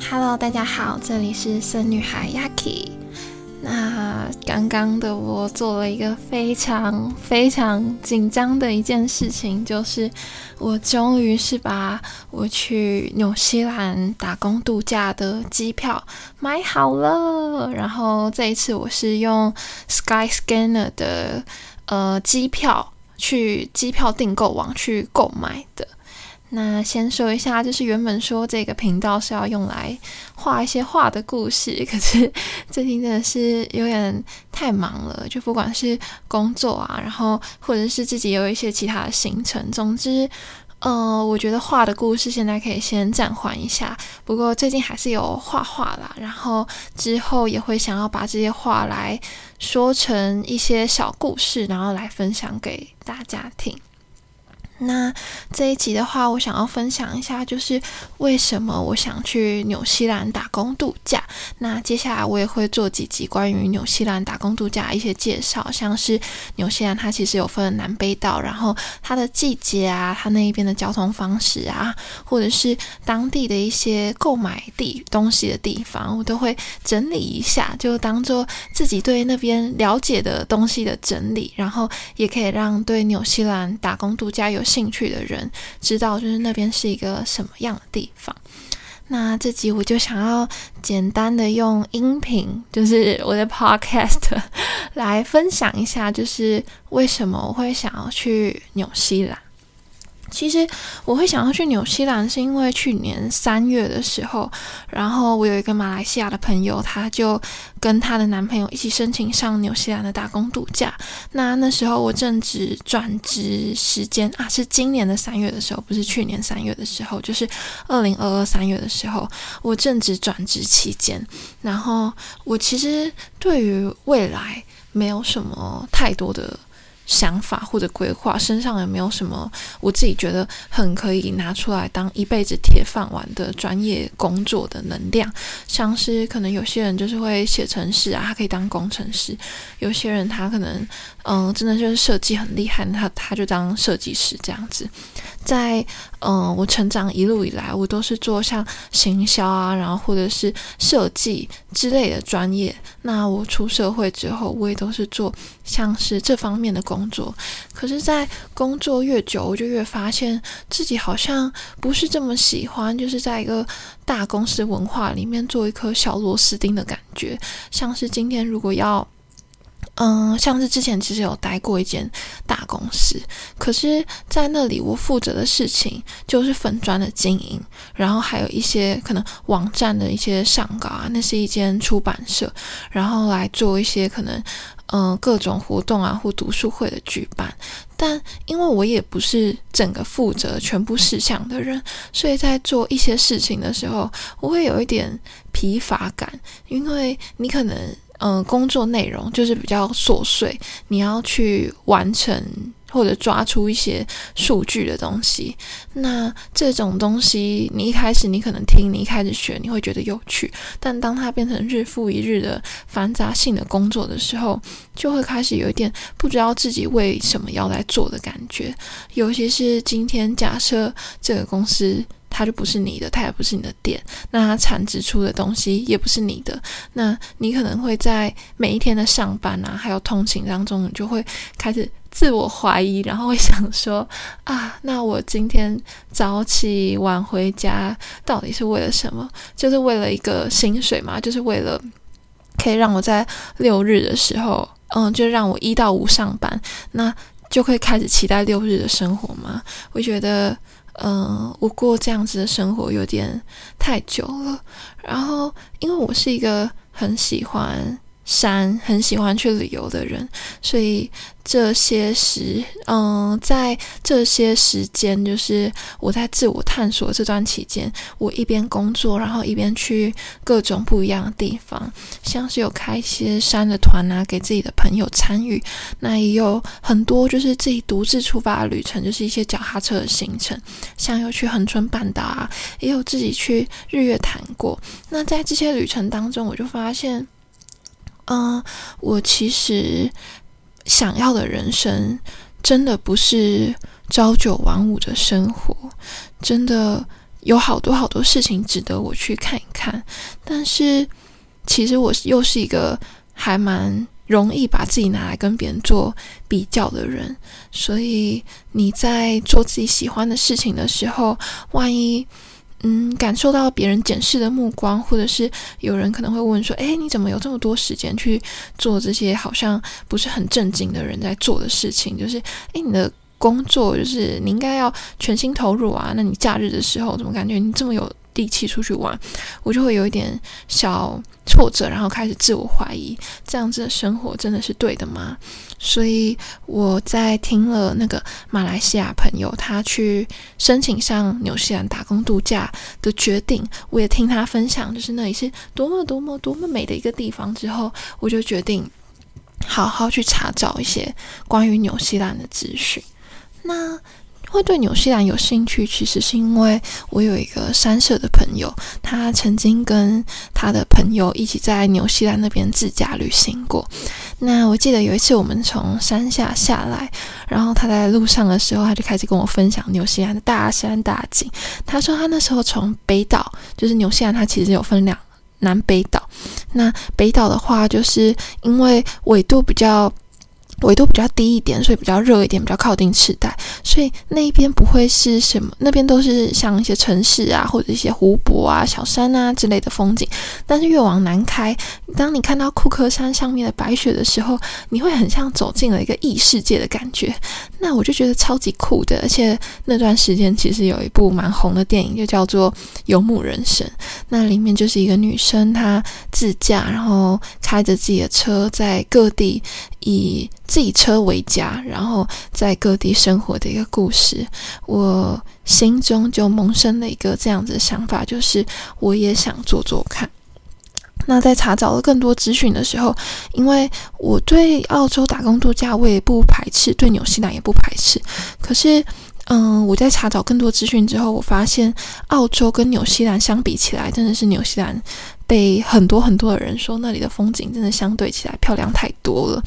哈嘍，大家好，這裡是森女孩 Yaki。那剛剛的我做了一個非常非常緊張的一件事情，就是我終於是把我去紐西蘭打工度假的機票買好了。然後這一次我是用 Skyscanner 的呃機票去機票訂購網去購買的。那先說一下，就是原本說這個頻道是要用來畫一些畫的故事，可是最近真的是有點太忙了，就不管是工作啊，然後或者是自己有一些其他的行程，總之，呃，我覺得畫的故事現在可以先暫緩一下。不過最近還是有畫畫啦，然後之後也會想要把這些畫來說成一些小故事，然後來分享給大家聽。那這一集的話，我想要分享一下，就是為什麼我想去紐西蘭打工度假。那接下來我也會做幾集關於紐西蘭打工度假一些介紹，像是紐西蘭它其實有分南北島，然後它的季節啊，它那一邊的交通方式啊，或者是當地的一些購買的東西的地方，我都會整理一下，就當做自己對那邊了解的東西的整理，然後也可以讓對紐西蘭打工度假有。興趣的人知道，就是那邊是一個什麼樣的地方。那這集我就想要簡單的用音頻，就是我的 podcast 來分享一下，就是為什麼我會想要去紐西蘭。其實我會想要去紐西蘭，是因為去年三月的時候，然後我有一個馬來西亞的朋友，他就跟他的男朋友一起申請上紐西蘭的打工度假。那那時候我正值轉職時間啊，是今年的三月的時候，不是去年三月的時候，就是二零二二三月的時候，我正值轉職期間。然後我其實對於未來沒有什麼太多的。想法或者規劃身上有沒有什麼我自己覺得很可以拿出來當一輩子鐵飯碗的專業工作的能量？像是可能有些人就是會寫程式啊，他可以當工程師；有些人他可能嗯，真的就是設計很厲害，他他就當設計師這樣子。在嗯、呃，我成長一路以來，我都是做像行銷啊，然後或者是設計之類的專業。那我出社會之後，我也都是做像是這方面的工作。可是，在工作越久，我就越發現自己好像不是這麼喜歡，就是在一個大公司文化裡面做一顆小螺絲釘的感覺，像是今天如果要。嗯，像是之前其實有待過一間大公司，可是在那裡我負責的事情就是粉專的經營，然後還有一些可能網站的一些上稿啊，那是一間出版社，然後來做一些可能嗯各種活動啊或讀書會的舉辦。但因為我也不是整個負責全部事項的人，所以在做一些事情的時候，我會有一點疲乏感，因為你可能。嗯，工作內容就是比較瑣碎，你要去完成或者抓出一些數據的東西。那這種東西，你一開始你可能聽，你一開始學，你會覺得有趣；但當它變成日復一日的繁雜性的工作的時候，就會開始有一點不知道自己為什麼要來做的感覺。尤其是今天，假設這個公司。它就不是你的，它也不是你的店，那它產值出的東西也不是你的。那你可能會在每一天的上班啊，還有通勤當中，你就會開始自我懷疑，然後會想說：啊，那我今天早起晚回家，到底是為了什麼？就是為了一個薪水嗎？就是為了可以讓我在六日的時候，嗯，就讓我一到五上班，那就會開始期待六日的生活嗎？我覺得。嗯，我過這樣子的生活有點太久了。然後，因為我是一個很喜歡。山很喜歡去旅遊的人，所以這些時，嗯，在這些時間，就是我在自我探索這段期間，我一邊工作，然後一邊去各種不一樣的地方，像是有開一些山的團啊，給自己的朋友參與，那也有很多就是自己獨自出發的旅程，就是一些腳踏車的行程，像有去恆春半島啊，也有自己去日月潭過。那在這些旅程當中，我就發現。嗯，我其實想要的人生，真的不是朝九晚五的生活，真的有好多好多事情值得我去看一看。但是，其實我又是一個還蠻容易把自己拿來跟別人做比較的人，所以你在做自己喜歡的事情的時候，萬一……嗯，感受到別人檢視的目光，或者是有人可能會問說：“哎，你怎麼有這麼多時間去做這些好像不是很正經的人在做的事情？”就是，哎，你的工作就是你應該要全心投入啊。那你假日的時候，怎麼感覺你這麼有力氣出去玩，我就會有一點小挫折，然後開始自我懷疑，這樣子的生活真的是對的嗎？所以我在聽了那個馬來西亞朋友他去申請上紐西蘭打工度假的決定，我也聽他分享，就是那裡是多麼多麼多麼美的一個地方之後，我就決定好好去查找一些關於紐西蘭的資訊。那會對紐西蘭有興趣，其實是因為我有一個山社的朋友，他曾經跟他的朋友一起在紐西蘭那邊自駕旅行過。那我記得有一次我們從山下下來，然後他在路上的時候，他就開始跟我分享紐西蘭的大山大景。他說他那時候從北島，就是紐西蘭，它其實有分兩南北島。那北島的話，就是因為緯度比較。緯度比較低一點，所以比較熱一點，比較靠近赤道。所以那一邊不會是什麼，那邊都是像一些城市啊，或者一些湖泊啊、小山啊之類的風景。但是越往南開，當你看到庫克山上面的白雪的時候，你會很像走進了一個異世界的感覺。那我就覺得超級酷的，而且那段時間其實有一部蠻紅的電影，就叫做《游牧人生》。那裡面就是一個女生，她自駕，然後開着自己的車在各地。以自己車為家，然後在各地生活的一個故事，我心中就萌生了一個這樣子的想法，就是我也想做做看。那在查找了更多資訊的時候，因為我對澳洲打工度假我也不排斥，對紐西蘭也不排斥。可是，嗯，我在查找更多資訊之後，我發現澳洲跟紐西蘭相比起來，真的是紐西蘭。被很多很多的人說，那裡的風景真的相對起來漂亮太多了。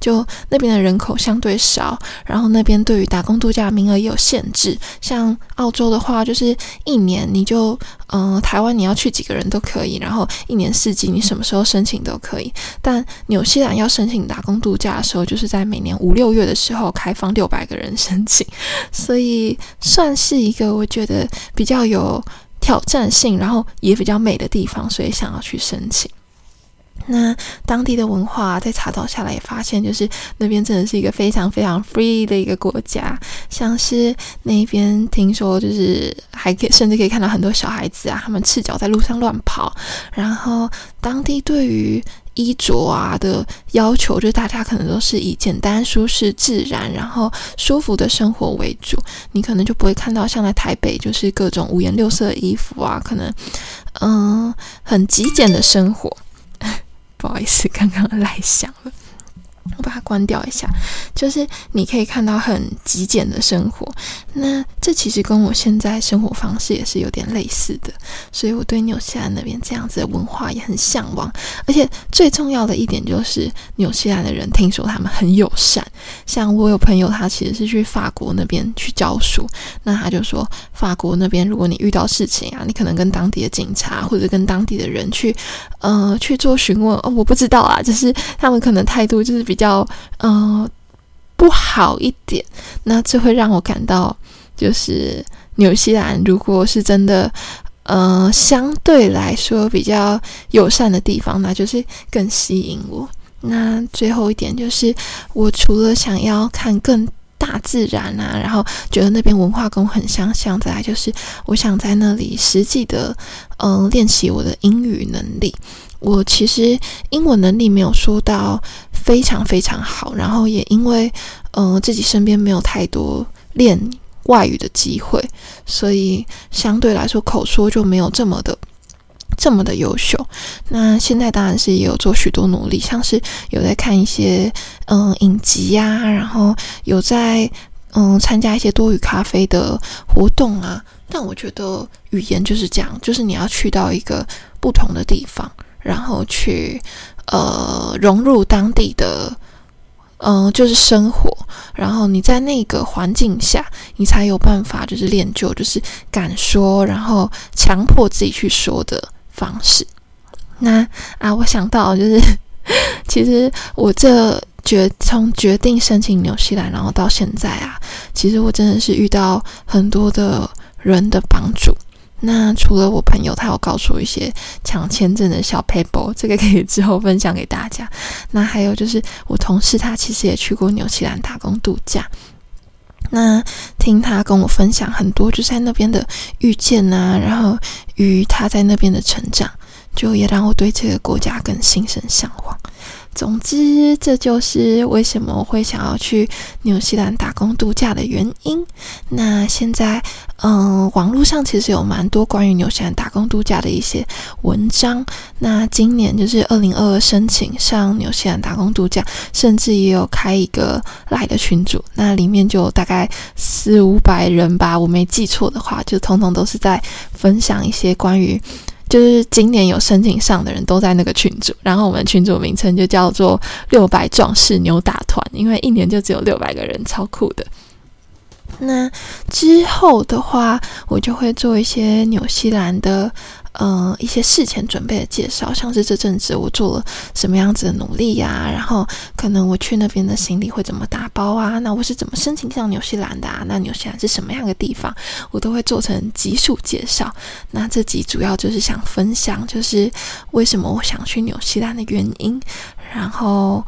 就那邊的人口相對少，然後那邊對於打工度假的名額也有限制。像澳洲的話，就是一年你就嗯、呃，台灣你要去幾個人都可以，然後一年四季你什麼時候申請都可以。但紐西蘭要申請打工度假的時候，就是在每年五六月的時候開放六百個人申請，所以算是一個我覺得比較有挑戰性，然後也比較美的地方，所以想要去申請。那當地的文化啊，在查找，下來也發現，就是那邊真的是一個非常非常 free 的一個國家。像是那邊聽說，就是還可以，甚至可以看到很多小孩子啊，他們赤腳在路上亂跑。然後當地對於衣着啊的要求，就是、大家可能都是以簡單、舒適、自然，然後舒服的生活為主。你可能就不會看到像在台北，就是各種五顏六色的衣服啊，可能嗯很極簡的生活。不好意思，剛剛來想了。我把它關掉一下，就是你可以看到很極簡的生活。那這其實跟我現在生活方式也是有點類似的，所以我對紐西蘭那邊這樣子的文化也很向往。而且最重要的一點就是，紐西蘭的人聽說他們很友善。像我有朋友，他其實是去法國那邊去教書，那他就說法國那邊如果你遇到事情啊，你可能跟當地的警察或者跟當地的人去，呃，去做詢問哦，我不知道啊，就是他們可能態度就是比。比較嗯、呃，不好一點，那這會讓我感到就是紐西蘭如果是真的呃，相對來說比較友善的地方，那就是更吸引我。那最後一點就是，我除了想要看更大自然啊，然後覺得那邊文化跟我很相像，之外，就是我想在那裡實際的嗯練習我的英語能力。我其實英文能力沒有說到。非常非常好，然後也因為，嗯、呃，自己身邊沒有太多練外語的機會，所以相對來說口說就沒有這麼的，這麼的優秀。那現在當然是也有做許多努力，像是有在看一些嗯、呃、影集呀、啊，然後有在嗯、呃、參加一些多語咖啡的活動啊。但我覺得語言就是這樣，就是你要去到一個不同的地方，然後去。呃，融入當地的，嗯、呃，就是生活，然後你在那個環境下，你才有辦法就是練就，就是敢說，然後強迫自己去說的方式。那啊，我想到就是，其實我這決從決定申請紐西蘭，然後到現在啊，其實我真的是遇到很多的人的幫助。那除了我朋友，他有告訴我一些搶簽證的小 paper，這個可以之後分享給大家。那還有就是我同事，他其實也去過紐西蘭打工度假。那聽他跟我分享很多，就是在那邊的遇見啊，然後與他在那邊的成長，就也讓我對這個國家更心生嚮往。總之，這就是為什麼我會想要去紐西蘭打工度假的原因。那現在，嗯，網絡上其實有蠻多關於紐西蘭打工度假的一些文章。那今年就是二零二二申請上紐西蘭打工度假，甚至也有開一個 LINE 的群組。那裡面就大概四五百人吧，我沒記錯的話，就通通都是在分享一些關於。就是今年有申請上的人都在那個群組，然後我們群組名稱就叫做“六百壯士紐打團”，因為一年就只有六百個人，超酷的。那之後的話，我就會做一些紐西蘭的。呃、嗯，一些事前準備的介紹，像是這陣子我做了什麼樣子的努力呀、啊，然後可能我去那邊的行李會怎麼打包啊？那我是怎麼申請上紐西蘭的啊？那紐西蘭是什麼樣的地方？我都會做成集數介紹。那這集主要就是想分享，就是為什麼我想去紐西蘭的原因。然後，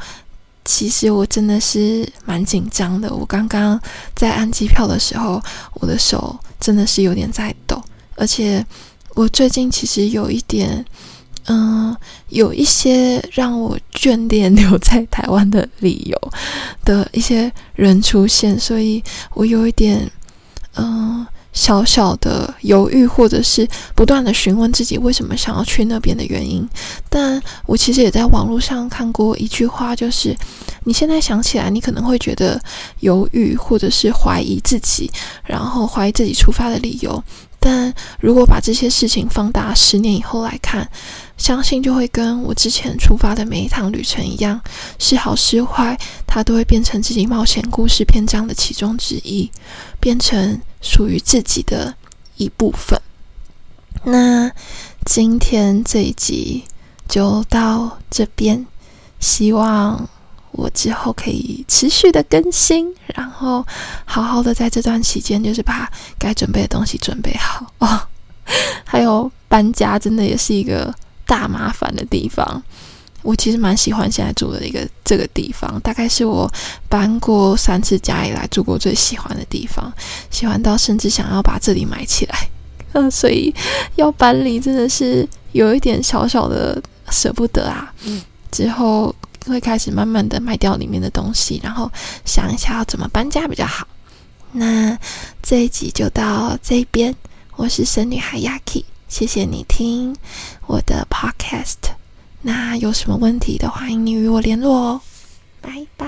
其實我真的是蠻緊張的。我剛剛在按機票的時候，我的手真的是有點在抖，而且。我最近其實有一點，嗯、呃，有一些讓我眷戀留在台灣的理由的一些人出現，所以我有一點，嗯、呃，小小的猶豫，或者是不斷地詢問自己為什麼想要去那邊的原因。但我其實也在網絡上看過一句話，就是你現在想起來，你可能會覺得猶豫，或者是懷疑自己，然後懷疑自己出發的理由。但如果把這些事情放大十年以後來看，相信就會跟我之前出發的每一趟旅程一樣，是好是壞，它都會變成自己冒險故事篇章的其中之一，變成屬於自己的一部分。那今天這一集就到這邊，希望，我之後可以持續的更新，然後好好的在這段期間，就是把該準備的東西準備好哦。還有搬家，真的也是一個大麻煩的地方。我其實蠻喜歡現在住的一個這個地方，大概是我搬過三次家以來住過最喜歡的地方，喜歡到甚至想要把這裡買起來。嗯，所以要搬離真的是有一點小小的捨不得啊。嗯。之後。會開始慢慢的賣掉裡面的東西，然後想一下要怎麼搬家比較好。那這一集就到這邊，我是神女孩 Yaki，謝謝你聽我的 podcast。那有什麼問題的話，歡迎你與我聯絡哦。拜拜。